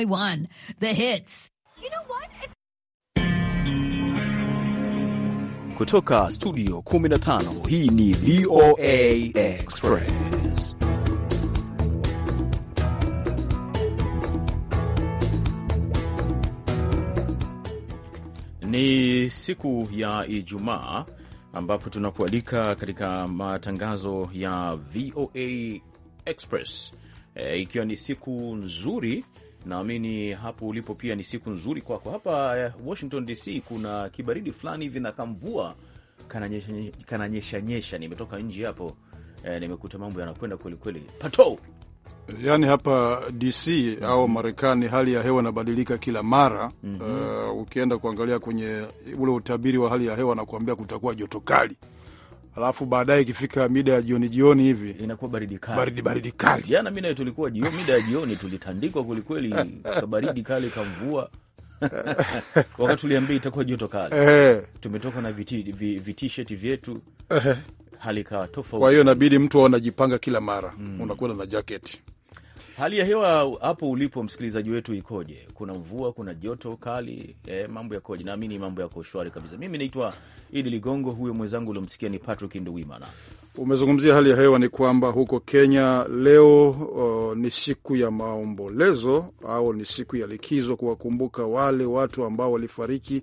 1, the hits. You know what? It's... Kutoka studio 15 hii ni VOA Express. Ni siku ya Ijumaa ambapo tunakualika katika matangazo ya VOA Express. E, ikiwa ni siku nzuri Naamini hapo ulipo pia ni siku nzuri kwako. hapa eh, Washington DC kuna kibaridi fulani hivi na kamvua kananyeshanyesha, kananyesha. Nimetoka nje hapo eh, nimekuta mambo yanakwenda kwelikweli pato Yaani hapa DC mm -hmm. au Marekani, hali ya hewa inabadilika kila mara mm -hmm. Uh, ukienda kuangalia kwenye ule utabiri wa hali ya hewa, nakuambia kutakuwa joto kali alafu baadaye ikifika mida ya jioni jioni hivi inakuwa baridi kali, baridi baridi kali. Jana mimi tulikuwa jioni, mida ya jioni tulitandikwa kwelikweli, kabaridi kali kamvua wakati itakuwa joto kali eh. Tumetoka na vitisheti viti vyetu eh. Hali ikawa tofauti, kwa hiyo inabidi mtu anajipanga kila mara mm. Unakwenda na jaketi Hali ya hewa hapo ulipo msikilizaji wetu ikoje? Kuna mvua, kuna joto kali, e, mambo yakoje? Naamini mambo yako shwari kabisa. Mimi naitwa Idi Ligongo, huyo mwenzangu uliomsikia ni Patrick Nduwimana. Umezungumzia hali ya hewa, ni kwamba huko Kenya leo uh, ni siku ya maombolezo au ni siku ya likizo kuwakumbuka wale watu ambao walifariki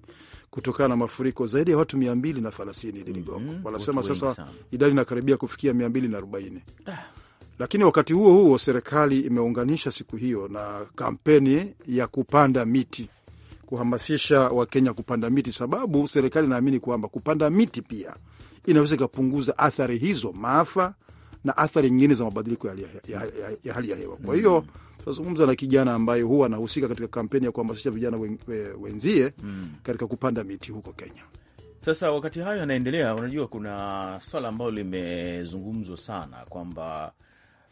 kutokana na mafuriko. Zaidi ya watu mia mbili na thelathini Idi Ligongo, mm-hmm. wanasema mm -hmm, sasa idadi inakaribia kufikia mia mbili na arobaini. ah. Lakini wakati huo huo serikali imeunganisha siku hiyo na kampeni ya kupanda miti kuhamasisha Wakenya kupanda miti, sababu serikali inaamini kwamba kupanda miti pia inaweza ikapunguza athari hizo, maafa na athari nyingine za mabadiliko ya, ya, ya, ya hali ya hewa. Kwa hiyo mm. tunazungumza na kijana ambaye huwa anahusika katika kampeni ya kuhamasisha vijana wenzie mm. katika kupanda miti huko Kenya. Sasa wakati hayo yanaendelea, unajua kuna swala ambalo limezungumzwa sana kwamba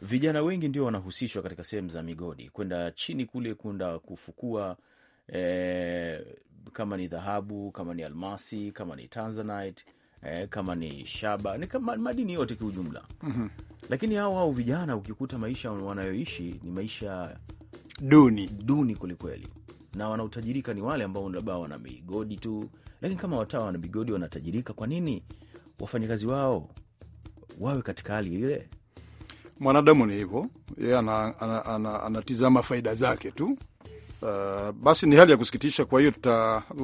vijana wengi ndio wanahusishwa katika sehemu za migodi kwenda chini kule kunda kufukua e, kama ni dhahabu, kama ni almasi, kama ni tanzanite e, kama ni shaba, ni kama madini yote kiujumla. mm -hmm. Lakini hao hao vijana ukikuta maisha wanayoishi ni maisha duni duni kwelikweli, na wanaotajirika ni wale ambao labda wana migodi tu, lakini kama watawa wana migodi wanatajirika, kwa nini wafanyakazi wao wawe katika hali ile? mwanadamu ni hivyo, yeye anatizama ana, ana, faida zake tu. Uh, basi ni hali ya kusikitisha. Kwa hiyo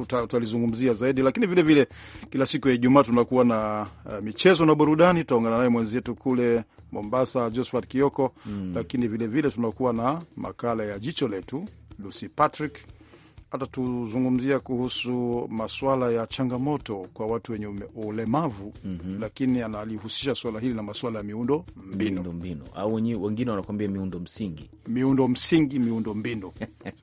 tutalizungumzia zaidi, lakini vilevile vile, kila siku ya Ijumaa tunakuwa na uh, michezo na burudani. Tutaungana naye mwenzetu kule Mombasa, Josphat Kioko mm. Lakini vilevile vile tunakuwa na makala ya jicho letu Lucy Patrick atatuzungumzia kuhusu maswala ya changamoto kwa watu wenye ulemavu mm -hmm. Lakini analihusisha swala hili na maswala ya miundo mbinu, mbinu au wengine wanakuambia miundo msingi, miundo msingi, miundo mbinu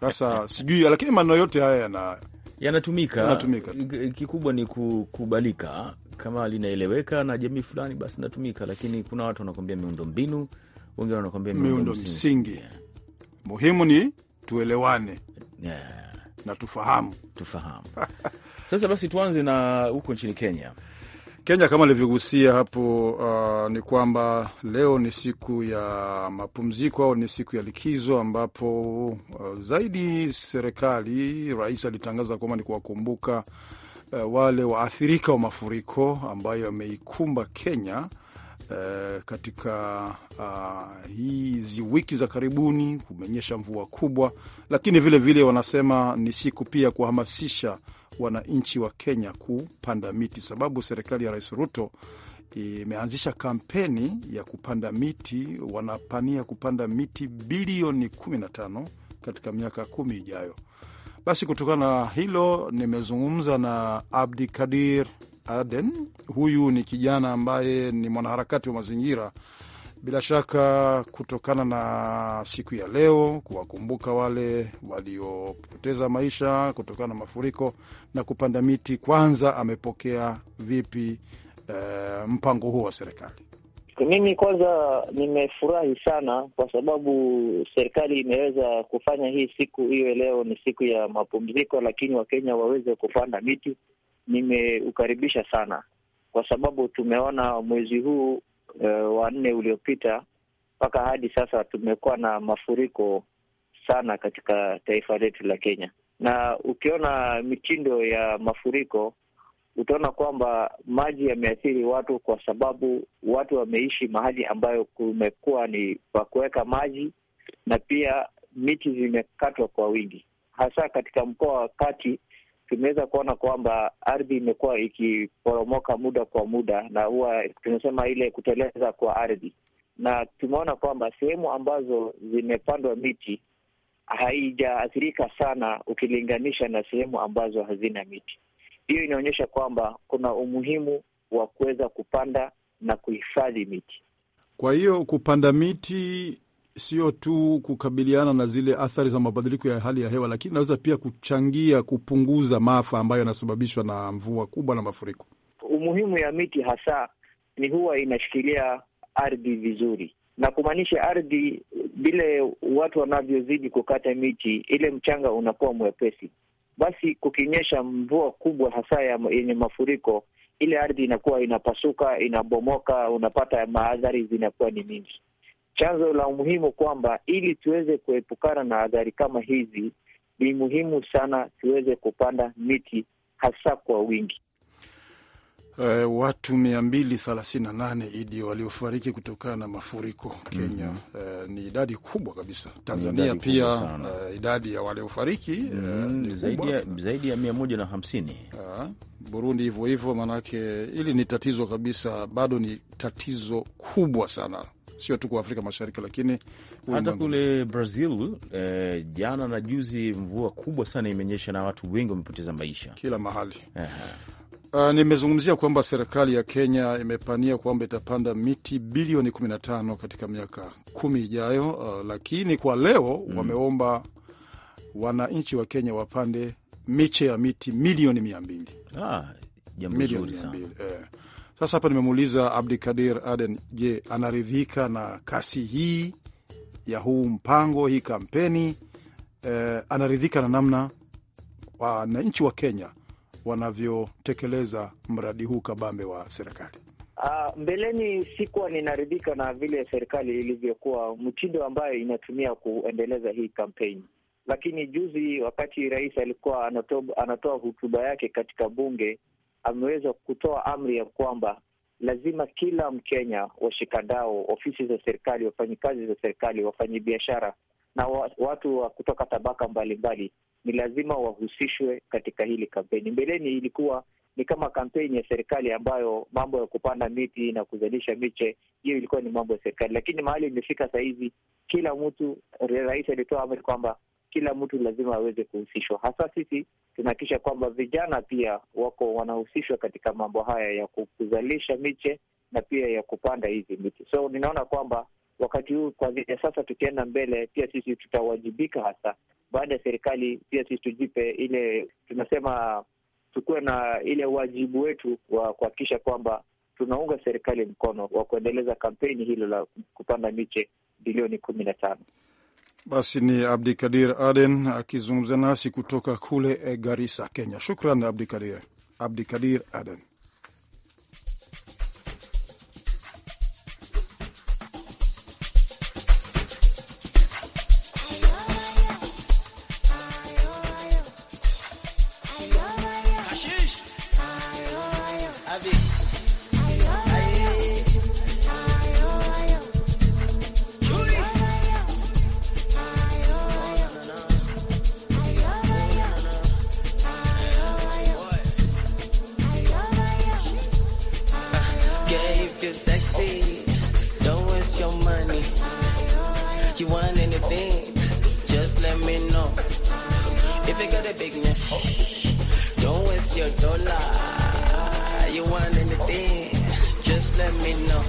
sasa sijui, lakini maneno yote haya yana yanatumika yanatumika. Kikubwa ni kukubalika kama linaeleweka na jamii fulani, basi natumika, lakini kuna watu wanakwambia miundo mbinu, wengine wanakwambia miundo msingi, msingi. Yeah. Muhimu ni tuelewane, yeah na tufahamu, tufahamu. Sasa basi tuanze na huko nchini Kenya. Kenya kama alivyogusia hapo uh, ni kwamba leo ni siku ya mapumziko au ni siku ya likizo ambapo uh, zaidi serikali, rais alitangaza kwamba ni kuwakumbuka uh, wale waathirika wa mafuriko ambayo yameikumba Kenya Eh, katika uh, hizi wiki za karibuni kumenyesha mvua kubwa, lakini vilevile vile wanasema ni siku pia kuhamasisha wananchi wa Kenya kupanda miti, sababu serikali ya Rais Ruto imeanzisha kampeni ya kupanda miti. Wanapania kupanda miti bilioni 15 katika miaka kumi ijayo. Basi kutokana na hilo nimezungumza na Abdi Kadir Aden. Huyu ni kijana ambaye ni mwanaharakati wa mazingira. Bila shaka kutokana na siku ya leo kuwakumbuka wale waliopoteza maisha kutokana na mafuriko na kupanda miti, kwanza amepokea vipi e, mpango huo wa serikali? Mimi kwanza nimefurahi sana kwa sababu serikali imeweza kufanya hii siku iwe leo ni siku ya mapumziko, lakini Wakenya waweze kupanda miti nimeukaribisha sana, kwa sababu tumeona mwezi huu e, wa nne uliopita mpaka hadi sasa tumekuwa na mafuriko sana katika taifa letu la Kenya, na ukiona mitindo ya mafuriko utaona kwamba maji yameathiri watu, kwa sababu watu wameishi mahali ambayo kumekuwa ni pa kuweka maji, na pia miti zimekatwa kwa wingi, hasa katika mkoa wa Kati tumeweza kuona kwamba ardhi imekuwa ikiporomoka muda kwa muda, na huwa tunasema ile kuteleza kwa ardhi, na tumeona kwamba sehemu ambazo zimepandwa miti haijaathirika sana ukilinganisha na sehemu ambazo hazina miti. Hiyo inaonyesha kwamba kuna umuhimu wa kuweza kupanda na kuhifadhi miti. Kwa hiyo kupanda miti sio tu kukabiliana na zile athari za mabadiliko ya hali ya hewa, lakini inaweza pia kuchangia kupunguza maafa ambayo yanasababishwa na mvua kubwa na mafuriko. Umuhimu ya miti hasa ni huwa inashikilia ardhi vizuri, na kumaanisha ardhi, vile watu wanavyozidi kukata miti, ile mchanga unakuwa mwepesi. Basi kukinyesha mvua kubwa hasa yenye mafuriko, ile ardhi inakuwa inapasuka, inabomoka, unapata maadhari zinakuwa ni mingi chanzo la umuhimu kwamba ili tuweze kuepukana na athari kama hizi, ni muhimu sana tuweze kupanda miti hasa kwa wingi. Uh, watu nane idi waliofariki kutokana na mafuriko Kenya. mm -hmm. Uh, ni idadi kubwa kabisa. Tanzania idadi pia uh, idadi ya waliofariki mm zaidi ya, mia ya na Uh, Burundi hivyo hivyo, maanake hili ni tatizo kabisa, bado ni tatizo kubwa sana sio tu kwa Afrika Mashariki, lakini hata kule Brazil. Eh, jana na juzi mvua kubwa sana imenyesha na watu wengi wamepoteza maisha kila mahali. Uh, nimezungumzia kwamba serikali ya Kenya imepania kwamba itapanda miti bilioni 15 katika miaka kumi ijayo. Uh, lakini kwa leo mm, wameomba wananchi wa Kenya wapande miche ya miti milioni mia mbili. Ah, jambo zuri sana. Eh. Sasa hapa nimemuuliza Abdikadir Aden, je, anaridhika na kasi hii ya huu mpango, hii kampeni eh, anaridhika na namna wananchi wa Kenya wanavyotekeleza mradi huu kabambe wa serikali? Uh, mbeleni sikuwa ninaridhika na vile serikali ilivyokuwa mtindo ambayo inatumia kuendeleza hii kampeni, lakini juzi wakati rais alikuwa anatoa hotuba yake katika bunge ameweza kutoa amri ya kwamba lazima kila Mkenya, washikadau, ofisi za serikali, wafanyikazi za serikali, wafanyi biashara na wa, watu wa kutoka tabaka mbalimbali ni lazima wahusishwe katika hili kampeni. Mbeleni ilikuwa ni kama kampeni ya serikali ambayo mambo ya kupanda miti na kuzalisha miche, hiyo ilikuwa ni mambo ya serikali, lakini mahali imefika sahizi, kila mtu, rais alitoa amri kwamba kila mtu lazima aweze kuhusishwa, hasa sisi tunahakikisha kwamba vijana pia wako wanahusishwa katika mambo haya ya kuzalisha miche na pia ya kupanda hizi miti. So ninaona kwamba wakati huu kwa vile sasa, tukienda mbele, pia sisi tutawajibika, hasa baada ya serikali, pia sisi tujipe ile tunasema, tukuwe na ile wajibu wetu wa kuhakikisha kwamba tunaunga serikali mkono wa kuendeleza kampeni hilo la kupanda miche bilioni kumi na tano. Basi ni Abdikadir Aden akizungumza nasi kutoka kule garisa Kenya. Shukran Abdi Kadir Aden. me know.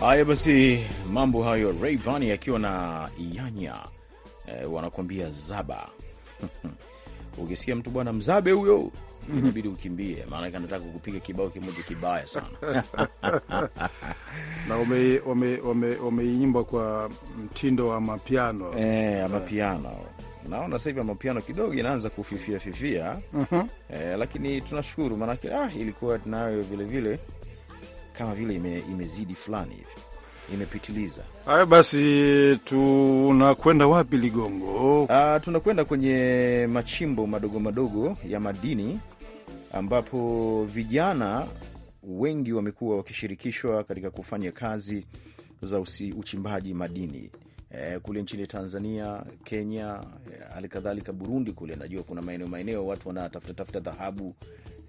Haya basi, mambo hayo, Rayvanny akiwa na Yanya eh, wanakuambia zaba ukisikia mtu bwana mzabe huyo mhm. inabidi ukimbie, maanake anataka kukupiga kibao kimoja kibaya sana na wameinyimba kwa mtindo wa mapiano e, eh, mapiano eh. naona sasa hivi mapiano kidogo inaanza kufifia fifia, uh -huh. E, lakini tunashukuru maanake ah, ilikuwa nayo vilevile kama vile ime, imezidi fulani hivi imepitiliza. Haya basi, tunakwenda wapi Ligongo? Ah, tunakwenda kwenye machimbo madogo madogo ya madini ambapo vijana wengi wamekuwa wakishirikishwa katika kufanya kazi za usi, uchimbaji madini e, kule nchini Tanzania, Kenya, eh, halikadhalika e, Burundi. Kule najua kuna maeneo maeneo watu wanatafuta tafuta dhahabu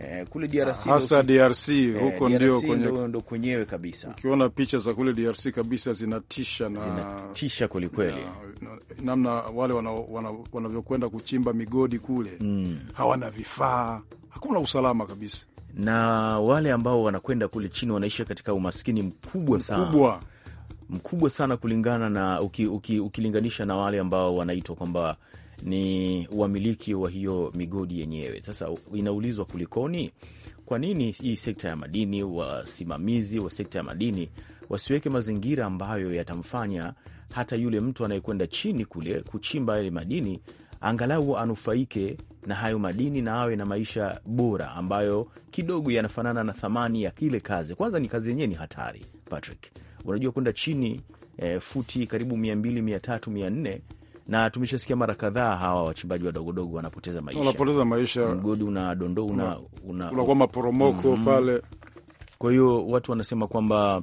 Eh, kule ah, DRC hasa DRC eh, huko eh, ndio kwenye ndo kwenyewe kabisa. Ukiona picha za kule DRC kabisa zinatisha na zinatisha kweli kweli, namna wale wanavyokwenda kuchimba migodi kule mm. hawana vifaa, hakuna usalama kabisa, na wale ambao wanakwenda kule chini wanaishi katika umaskini mkubwa sana, mkubwa mkubwa sana kulingana na uki, uki, ukilinganisha na wale ambao wanaitwa kwamba ni uamiliki wa hiyo migodi yenyewe. Sasa inaulizwa kulikoni, kwa nini hii sekta ya madini, wasimamizi wa sekta ya madini wasiweke mazingira ambayo yatamfanya hata yule mtu anayekwenda chini kule kuchimba yale madini angalau anufaike na hayo madini na awe na maisha bora ambayo kidogo yanafanana na thamani ya ile kazi. Kwanza ni kazi yenyewe ni hatari Patrick, unajua kwenda chini eh, futi karibu mia mbili, mia tatu, mia nne na tumeshasikia mara kadhaa hawa wachimbaji wadogodogo wanapoteza maisha, wanapoteza maisha, mgodi unadondoa, una, una, una maporomoko mm -hmm. pale. Kwa hiyo watu wanasema kwamba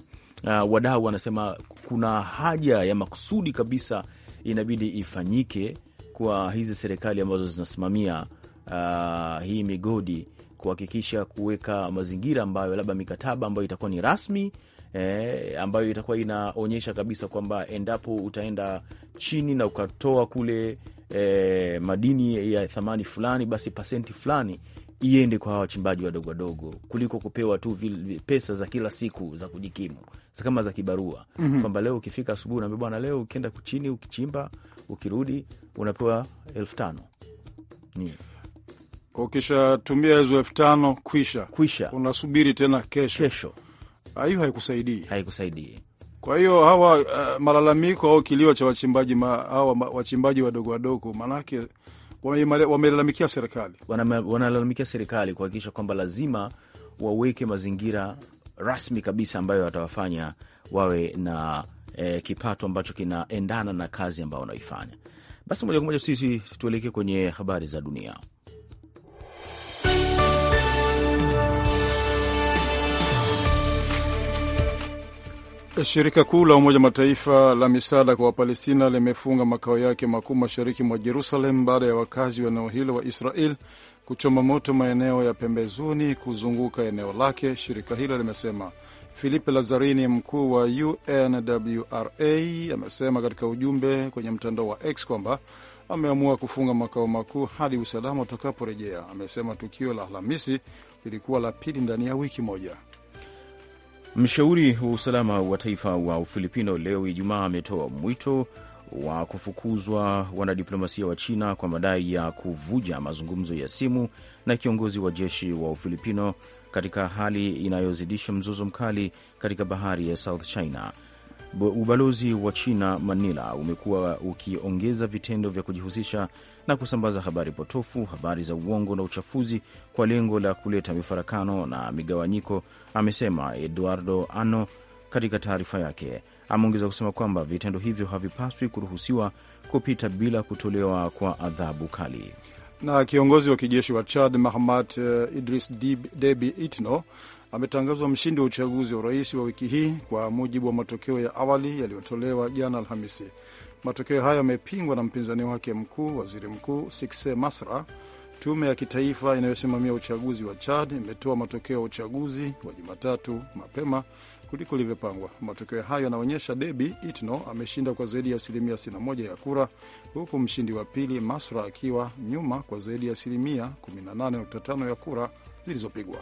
uh, wadau wanasema kuna haja ya makusudi kabisa inabidi ifanyike kwa hizi serikali ambazo zinasimamia uh, hii migodi kuhakikisha kuweka mazingira ambayo labda mikataba ambayo itakuwa ni rasmi eh, ambayo itakuwa inaonyesha kabisa kwamba endapo utaenda chini na ukatoa kule eh, madini ya thamani fulani, basi pasenti fulani iende kwa wachimbaji wadogo wadogo kuliko kupewa tu pesa za kila siku za kujikimu kama za kibarua mm -hmm. Kwamba leo ukifika asubuhi naambia bwana, leo ukienda chini ukichimba ukirudi unapewa elfu tano ukishatumia hizo elfu tano kwisha, kwisha. Unasubiri tena kesho, kesho hiyo haikusaidii, haikusaidii. Kwa hiyo hawa uh, malalamiko au kilio cha wachimbaji ma, hawa wachimbaji wadogo wadogo maanake wamelalamikia wame serikali, wanalalamikia serikali kuhakikisha kwamba lazima waweke mazingira rasmi kabisa ambayo watawafanya wawe na eh, kipato ambacho kinaendana na kazi ambayo wanaoifanya. Basi moja kwa moja sisi tuelekee kwenye habari za dunia. Shirika kuu la Umoja Mataifa la misaada kwa Wapalestina limefunga makao yake makuu mashariki mwa Jerusalem baada ya wakazi wa eneo hilo wa Israel kuchoma moto maeneo ya pembezoni kuzunguka eneo lake, shirika hilo limesema. Filipe lazarini mkuu wa UNWRA, amesema katika ujumbe kwenye mtandao wa X kwamba ameamua kufunga makao makuu hadi usalama utakaporejea. Amesema tukio la Alhamisi lilikuwa la pili ndani ya wiki moja. Mshauri wa usalama wa taifa wa Ufilipino leo Ijumaa ametoa mwito wa kufukuzwa wanadiplomasia wa China kwa madai ya kuvuja mazungumzo ya simu na kiongozi wa jeshi wa Ufilipino katika hali inayozidisha mzozo mkali katika bahari ya South China. Ubalozi wa China Manila umekuwa ukiongeza vitendo vya kujihusisha na kusambaza habari potofu, habari za uongo na uchafuzi kwa lengo la kuleta mifarakano na migawanyiko, amesema Eduardo Ano katika taarifa yake. Ameongeza kusema kwamba vitendo hivyo havipaswi kuruhusiwa kupita bila kutolewa kwa adhabu kali. Na kiongozi wa kijeshi wa Chad Mahamat eh, Idris Deby Itno ametangazwa mshindi wa uchaguzi wa urais wa wiki hii kwa mujibu wa matokeo ya awali yaliyotolewa jana Alhamisi. Matokeo hayo yamepingwa na mpinzani wake mkuu, waziri mkuu Sikse Masra. Tume ya kitaifa inayosimamia uchaguzi wa Chad imetoa matokeo ya uchaguzi wa Jumatatu mapema kuliko ilivyopangwa. Matokeo hayo yanaonyesha Debi Itno ameshinda kwa zaidi ya asilimia 61 ya kura, huku mshindi wa pili Masra akiwa nyuma kwa zaidi ya asilimia 18.5 ya kura zilizopigwa.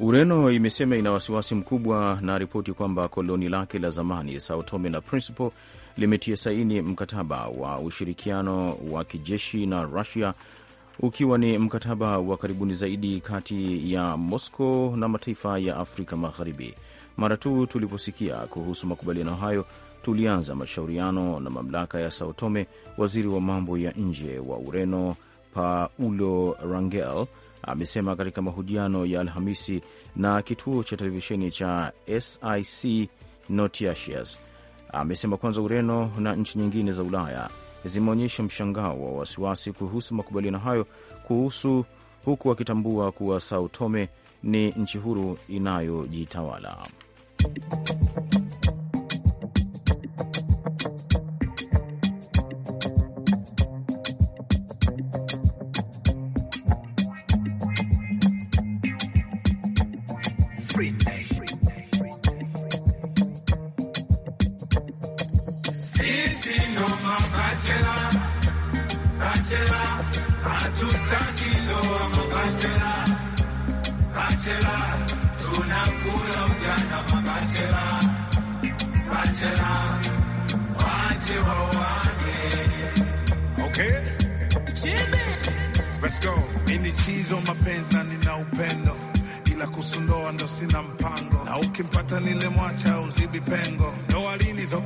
Ureno imesema ina wasiwasi mkubwa na ripoti kwamba koloni lake la zamani Sao Tome na Principe limetia saini mkataba wa ushirikiano wa kijeshi na Rusia, ukiwa ni mkataba wa karibuni zaidi kati ya Moscow na mataifa ya Afrika Magharibi. Mara tu tuliposikia kuhusu makubaliano hayo, tulianza mashauriano na mamlaka ya Sao Tome, waziri wa mambo ya nje wa Ureno Paulo Rangel amesema katika mahojiano ya Alhamisi na kituo cha televisheni cha SIC Noticias. Amesema kwanza Ureno na nchi nyingine za Ulaya zimeonyesha mshangao wa wasiwasi kuhusu makubaliano hayo kuhusu huku akitambua kuwa Sao Tome ni nchi huru inayojitawala. Okay? Let's go. mapenzi na nina upendo, ila kusundoa ndo sina mpango, na ukimpata nile mwacha uzibi pengo, ndoa lini zo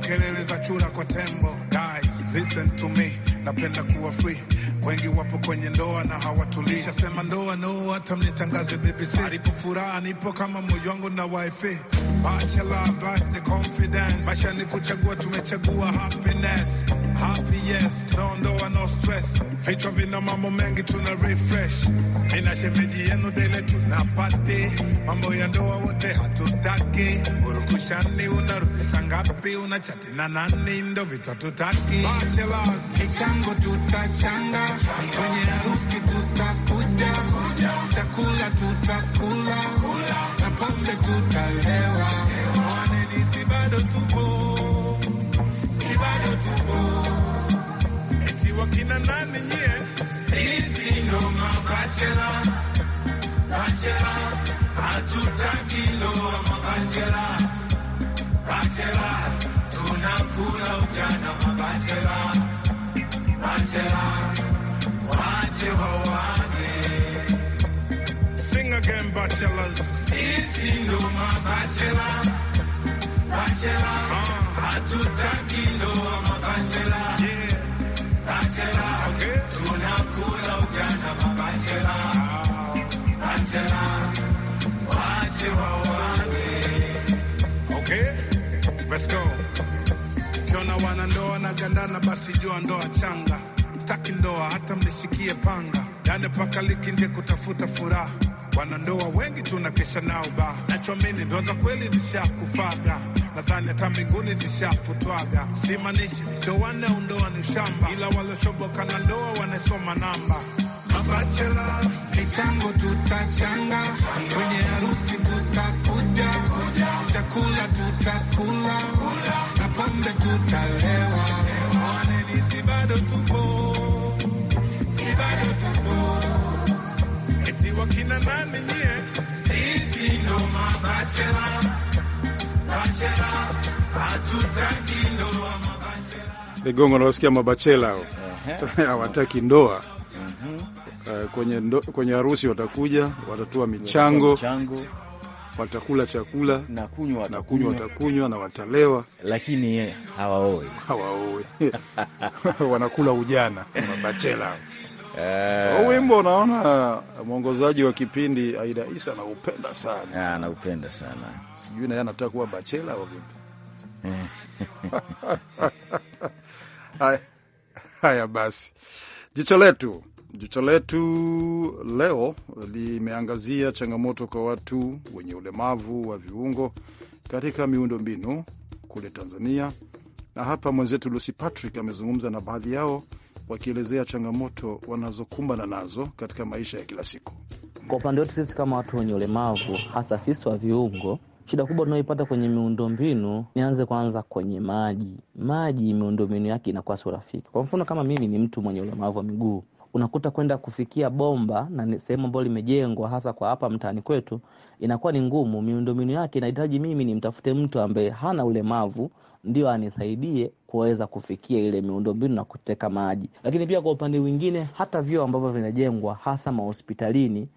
za chura kwa tembo. Guys, listen to me, napenda kuwa free wengi wapo kwenye ndoa na hawatulii. sema ndoa no, hata mnitangaze BBC. Alipo furaha nipo kama moyo wangu na wife, bachelor black the confidence, Basha ni kuchagua, tumechagua happiness, happy yes, no ndoa no stress, vichwa vina mambo mengi, tuna refresh. Mina shemeji yenu dele tunapate mambo ya ndoa, wote hatutaki urukushani unaru pesa ngapi? Unachati na nani? Ndo vita michango tutachanga, kwenye harusi tutakuja, chakula tutakula na pombe tutalewa. Mwaneni, si bado tupo, si bado tupo Wakina nani nyie? Sisi ndo mabachela, bachela hatutaki ndoa mabachela Bachela, tunakula ujana mabachela, bachela, wache wawane. Sing again, bachelors. Sisi ndo mabachela, bachela, ah. hatutaki ndoa mabachela, bachela, tunakula ujana mabachela, ah. bachela, wache wawane. Let's go. Ukiona wanandoa na gandana, basi jua ndoa changa, taki ndoa hata mlisikie panga, yani paka liki nje kutafuta furaha. Wanandoa wengi tunakesha nao ba, nachomini ndoa za kweli zishakufaga nadhani hata mbinguni zishafutwaga. Simaanishi sio wanne undoa ni shamba, ila waliochoboka na ndoa wanasoma namba. Mabachela michango tutachanga kwenye harusi Ligongo naosikia mabachela hawataki ndoa. Uh, kwenye, ndo, kwenye harusi watakuja, watatoa michango, watakula chakula na kunywa watakunywa na watalewa, lakini hawaoe hawaoe wanakula ujana mabachela. Uh, wimbo naona mwongozaji wa kipindi Aida Isa anaupenda sana, ah, anaupenda sana sijui naye anataka kuwa bachela au vipi? Haya, basi, jicho letu jicho letu leo limeangazia changamoto kwa watu wenye ulemavu wa viungo katika miundo mbinu kule Tanzania, na hapa mwenzetu Lucy Patrick amezungumza na baadhi yao wakielezea changamoto wanazokumbana nazo katika maisha ya kila siku. Kwa upande wetu sisi kama watu wenye ulemavu, hasa sisi wa viungo, Shida kubwa tunayoipata kwenye miundombinu, nianze kwanza kwenye maji. Maji miundombinu yake inakuwa sio rafiki. Kwa mfano kama mimi ni mtu mwenye ulemavu wa miguu, unakuta kwenda kufikia bomba na sehemu ambayo limejengwa hasa kwa hapa mtaani kwetu inakuwa ni ngumu. Miundombinu yake inahitaji mimi nimtafute mtu ambaye hana ulemavu ndio anisaidie kuweza kufikia ile miundombinu na kuteka maji. Lakini pia kwa upande mwingine, hata vyoo ambavyo vinajengwa hasa mahospitalini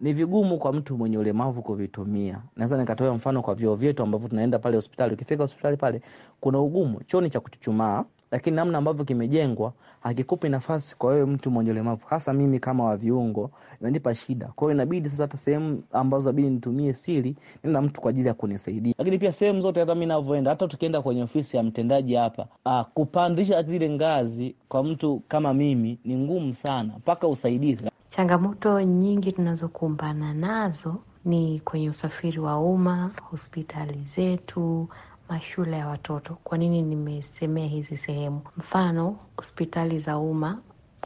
ni vigumu kwa mtu mwenye ulemavu kuvitumia. Naweza nikatoa mfano kwa vyoo vyetu ambavyo tunaenda pale hospitali. Ukifika hospitali pale kuna ugumu, choo ni cha kuchuchumaa, lakini namna ambavyo kimejengwa hakikupi nafasi kwa wewe mtu mwenye ulemavu, hasa mimi kama wa viungo inanipa shida. Kwa hiyo inabidi sasa, hata sehemu ambazo inabidi nitumie siri, nenda mtu kwa ajili ya kunisaidia. Lakini pia sehemu zote, hata mimi ninavyoenda, hata tukienda kwenye ofisi ya mtendaji hapa, ah, kupandisha zile ngazi kwa mtu kama mimi ni ngumu sana, mpaka usaidizi Changamoto nyingi tunazokumbana nazo ni kwenye usafiri wa umma, hospitali zetu, mashule ya watoto. Kwa nini nimesemea hizi sehemu? Mfano, hospitali za umma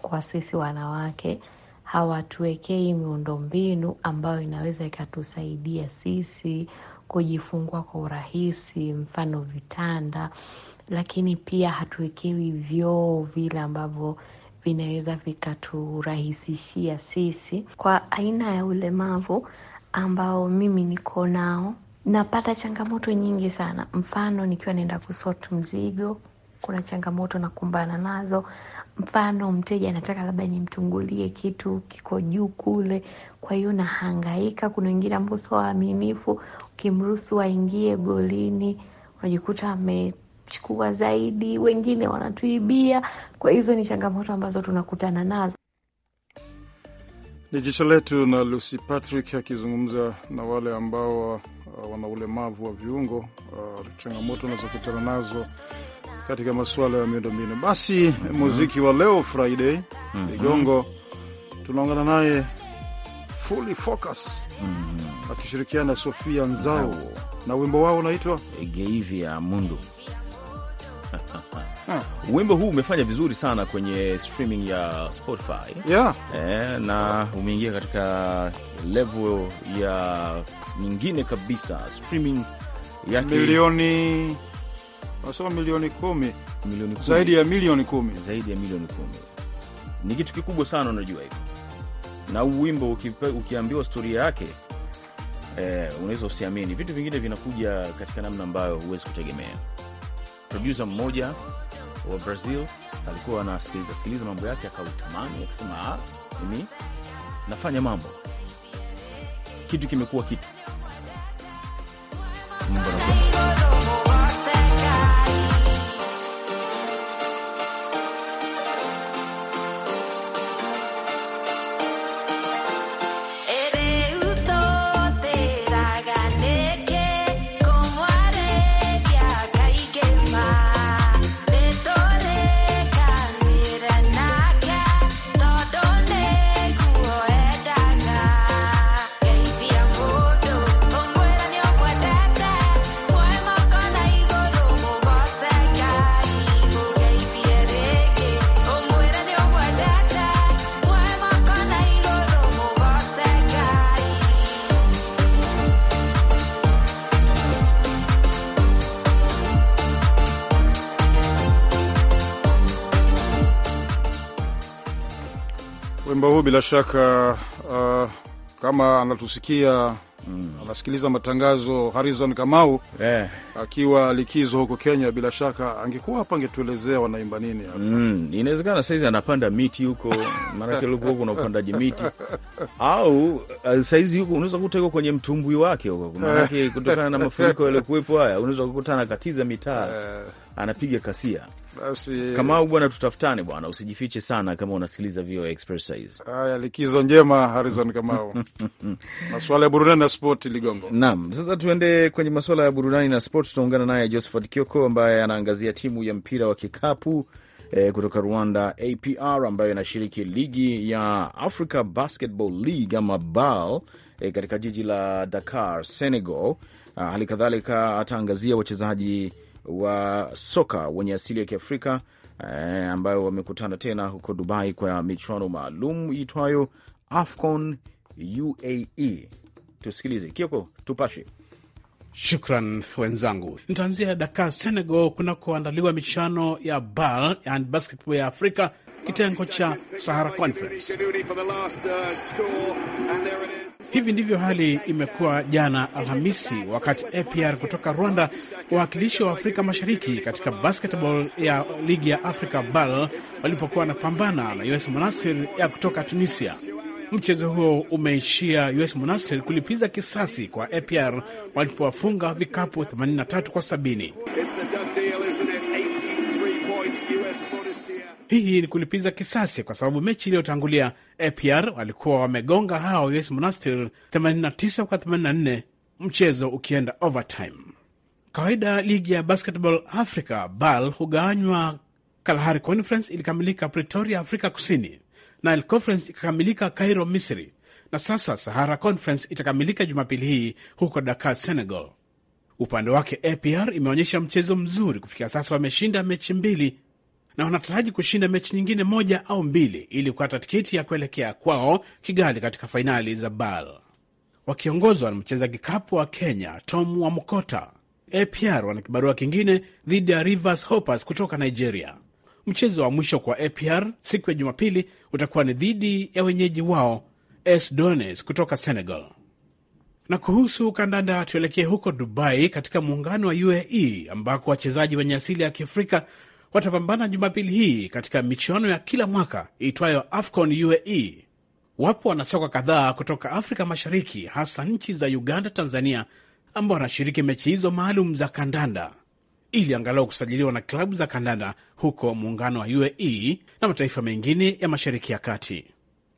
kwa sisi wanawake hawatuwekei miundombinu ambayo inaweza ikatusaidia sisi kujifungua kwa urahisi, mfano vitanda, lakini pia hatuwekewi vyoo vile ambavyo vinaweza vikaturahisishia sisi kwa aina ya ulemavu ambao mimi niko nao, napata changamoto nyingi sana. Mfano, nikiwa naenda kusort mzigo, kuna changamoto nakumbana nazo. Mfano, mteja anataka labda nimtungulie kitu kiko juu kule, kwa hiyo nahangaika. Kuna wengine ambao sio waaminifu, ukimruhusu aingie golini unajikuta ame wanatuchukua zaidi, wengine wanatuibia. Kwa hizo ni changamoto ambazo tunakutana nazo. Ni jicho letu na Lucy Patrick akizungumza na wale ambao uh, wana ulemavu wa viungo, uh, changamoto wanazokutana nazo katika masuala ya miundombinu. Basi mm -hmm. muziki wa leo Friday mhm. Ligongo mm -hmm. tunaungana naye Fully Focus mm -hmm. akishirikiana na Sofia Nzao na wimbo wao unaitwa Geivia Mundu. Hmm. Wimbo huu umefanya vizuri sana kwenye streaming ya Spotify yeah. E, na umeingia katika level ya nyingine kabisa streaming yake milioni wasema milioni kumi, milioni kumi. Zaidi ya milioni kumi, zaidi ya milioni kumi ni kitu kikubwa sana, unajua hivi na huu wimbo ukiambiwa historia yake eh, unaweza usiamini. Vitu vingine vinakuja katika namna ambayo huwezi kutegemea produsa mmoja wa Brazil alikuwa anasikiliza sikiliza mambo yake, akautamani akasema, ah, mimi nafanya mambo kitu kimekuwa kitu mbona wimbo huu bila shaka uh, kama anatusikia mm, anasikiliza matangazo Harrison Kamau yeah, akiwa likizo huko Kenya, bila shaka angekuwa hapa angetuelezea wanaimba nini Mm, inawezekana saizi anapanda miti huko maanake ulikuwa huko na upandaji miti au uh, saizi huko unaweza kukuta huko kwenye mtumbwi wake huko, maanake eh. kutokana na mafuriko yaliyokuwepo haya unaweza kukutana katiza mitaa eh anapiga kasia. Basi Kamau bwana, tutafutane bwana, usijifiche sana kama unasikiliza VOA Express hizi. Haya, likizo njema Harizon Kamau. maswala ya burudani na sport Ligongo. Naam, sasa tuende kwenye maswala ya burudani na sport. Tunaungana naye Josephat Kioko ambaye anaangazia timu ya mpira wa kikapu eh, kutoka Rwanda APR ambayo inashiriki ligi ya Africa Basketball League ama BAL eh, katika jiji la Dakar, Senegal. Ah, hali ah, kadhalika ataangazia wachezaji wa soka wenye asili ya Kiafrika e, ambayo wamekutana tena huko Dubai kwa michuano maalum iitwayo AFCON UAE. Tusikilize Kioko, tupashe. Shukran wenzangu, nitaanzia Dakar, Senegal, kunakoandaliwa michano ya BAL basketball ya Afrika, kitengo cha Sahara Conference. Hivi ndivyo hali imekuwa jana Alhamisi, wakati APR kutoka Rwanda, wawakilishi wa Afrika Mashariki katika basketball ya ligi ya Africa BAL walipokuwa wanapambana na US Monastir ya kutoka Tunisia. Mchezo huo umeishia US Monastir kulipiza kisasi kwa APR walipowafunga vikapu 83 kwa 70. Hii ni kulipiza kisasi kwa sababu mechi iliyotangulia APR walikuwa wamegonga hao US Monastir 89 kwa 84, mchezo ukienda overtime. Kawaida ligi ya basketball Africa BAL hugawanywa. Kalahari Conference ilikamilika Pretoria, Afrika Kusini. Nile Conference ikakamilika Cairo, Misri, na sasa Sahara Conference itakamilika Jumapili hii huko Dakar, Senegal. Upande wake APR imeonyesha mchezo mzuri kufikia sasa, wameshinda mechi mbili na wanataraji kushinda mechi nyingine moja au mbili ili kupata tikiti ya kuelekea kwao Kigali katika fainali za BAL. Wakiongozwa na mcheza kikapu wa Kenya Tom Wamukota, APR wana kibarua kingine dhidi ya Rivers Hoppers kutoka Nigeria. Mchezo wa mwisho kwa APR siku ya Jumapili utakuwa ni dhidi ya wenyeji wao AS Dones kutoka Senegal. Na kuhusu kandanda, tuelekee huko Dubai katika muungano wa UAE ambako wachezaji wenye asili ya Kiafrika watapambana Jumapili hii katika michuano ya kila mwaka itwayo AFCON UAE. Wapo wanasoka kadhaa kutoka Afrika Mashariki, hasa nchi za Uganda, Tanzania, ambao wanashiriki mechi hizo maalum za kandanda ili angalau kusajiliwa na klabu za kandanda huko muungano wa UAE na mataifa mengine ya Mashariki ya Kati.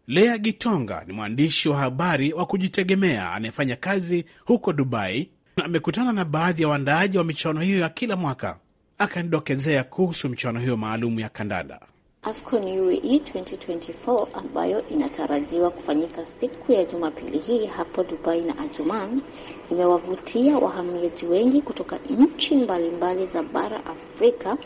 Lea Gitonga ni mwandishi wa habari wa kujitegemea anayefanya kazi huko Dubai na amekutana na baadhi ya waandaaji wa michuano hiyo ya kila mwaka akanidokezea kuhusu michuano hiyo maalum ya kandanda AFCON UAE 2024 e ambayo inatarajiwa kufanyika siku ya Jumapili hii hapo Dubai na Ajuman imewavutia wahamiaji wengi kutoka nchi mbalimbali za bara Afrika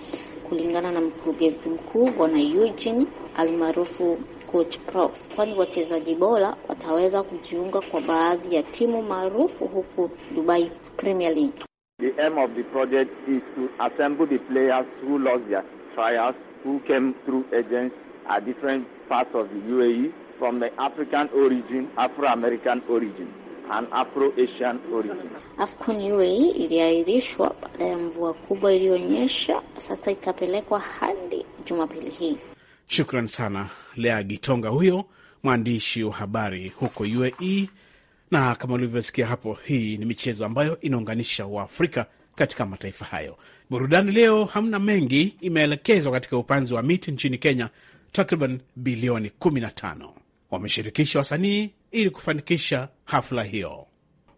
kulingana na mkurugenzi mkuu Bwana Eugene almaarufu Coach Prof, kwani wachezaji bora wataweza kujiunga kwa baadhi ya timu maarufu huku Dubai Premier League. The aim of the project is to assemble the players who lost their trials, who came through agents at different parts of the UAE from the African origin, Afro-American origin An Afro-Asian origin. AFCON UAE iliahirishwa baada ya mvua kubwa iliyonyesha, sasa ikapelekwa hadi Jumapili hii. Shukran sana Lea Gitonga, huyo mwandishi wa habari huko UAE na kama ulivyosikia hapo, hii ni michezo ambayo inaunganisha Waafrika katika mataifa hayo. Burudani leo hamna mengi, imeelekezwa katika upanzi wa miti nchini Kenya, takriban bilioni 15 wameshirikisha wasanii ili kufanikisha hafla hiyo.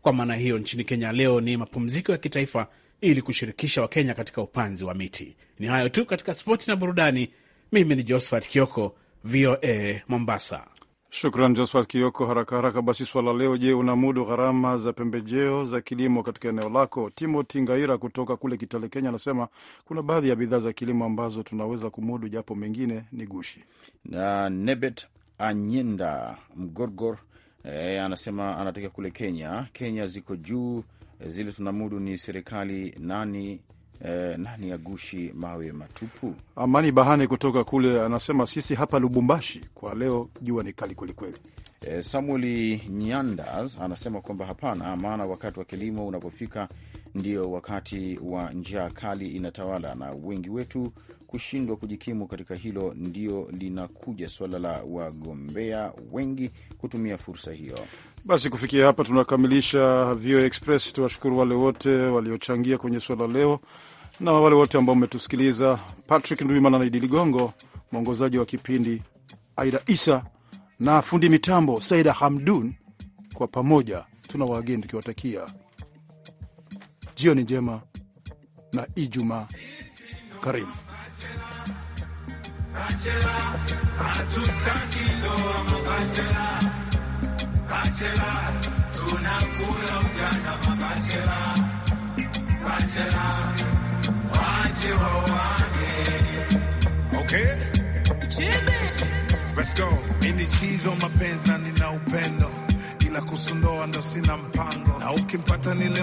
Kwa maana hiyo, nchini Kenya leo ni mapumziko ya kitaifa ili kushirikisha Wakenya katika upanzi wa miti. Ni hayo tu katika spoti na burudani. Mimi ni Josephat Kioko, VOA Mombasa. Shukran Josephat Kioko. Haraka haraka basi, swala leo, je, unamudu gharama za pembejeo za kilimo katika eneo lako? Timothy Ngaira kutoka kule Kitale, Kenya, anasema kuna baadhi ya bidhaa za kilimo ambazo tunaweza kumudu, japo mengine ni gushi. Na Nebet Anyenda Mgorgor e, anasema anatokea kule Kenya. Kenya ziko juu, eh, zile tunamudu ni serikali nani eh, nani agushi mawe matupu. Amani Bahane kutoka kule anasema sisi hapa Lubumbashi kwa leo jua ni kali kwelikweli. Eh, Samueli Nyandas anasema kwamba hapana, maana wakati wa kilimo unapofika ndio wakati wa njaa kali inatawala na wengi wetu kushindwa kujikimu katika hilo, ndio linakuja suala la wagombea wengi kutumia fursa hiyo. Basi kufikia hapa tunakamilisha VOA Express. Tuwashukuru wale wote waliochangia kwenye suala leo na wale wote ambao mmetusikiliza. Patrick Ndwimana na Idi Ligongo, mwongozaji wa kipindi Aida Isa na fundi mitambo Saida Hamdun, kwa pamoja tuna wageni tukiwatakia Jioni njema na Ijumaa karimu. Okay. Let's go. Mimi chizo mapenzi na nina upendo, ila kusundoa ndo sina mpango na ukimpata nile